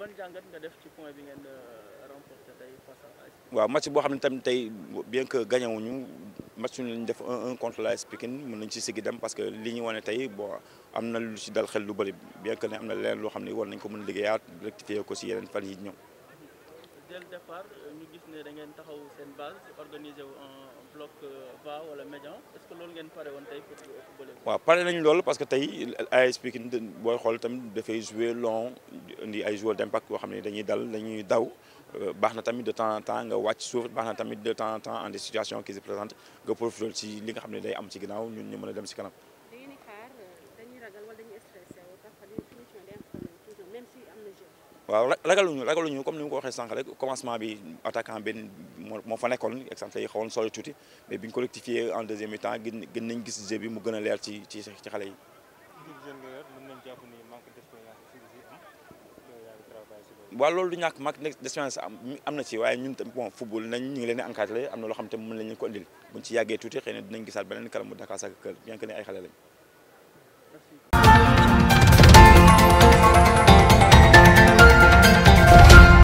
Kan wa match bo xamne tam tay bien que gagné wuñu match ñu def eh, 1-1 eh, contre l'AS Pekin mën nañ ci sigi dem parce que li ñu woné tay bo amna lu ci dal xel lu bari bien que né amna leen lo xamne won nañ ko mëna bloc bas euh, wala médian est-ce que loolu ngeen pare woon tey waaw pare nañu lool parce que tey AS Pikine booy xool tamit dafay jouer long indi ay joueurs d'impact yoo xam ne dañuy dal dañuy daw euh, baax na tamit de temps en temps nga wàcc suuf baax tamit de temps en en des situations qui se présentent nga profité ci li nga xam ne day am ci ginnaaw ñu ñu mën a dem ci kanam. da waaw ragaluñu ragaluñu comme ni ma ko waxee sànq rek commencement bi attaquant benn moo fa nekkoon exemple yi xawoon solo tuuti mais bi ñu nañ gis jeu bi mu gën a leer ci ci ci xale yi. waaw loolu du ñàkk mag d'expérience am am na ci waaye ñun tam bon football nañ ñu ngi leen di encadré am na loo xam te mën nañ ko indil buñ ci yàggee tuuti xëy na dinañ gisaat beneen kalamu Dakar Sacré-Cœur bien que ne ay xale lañ.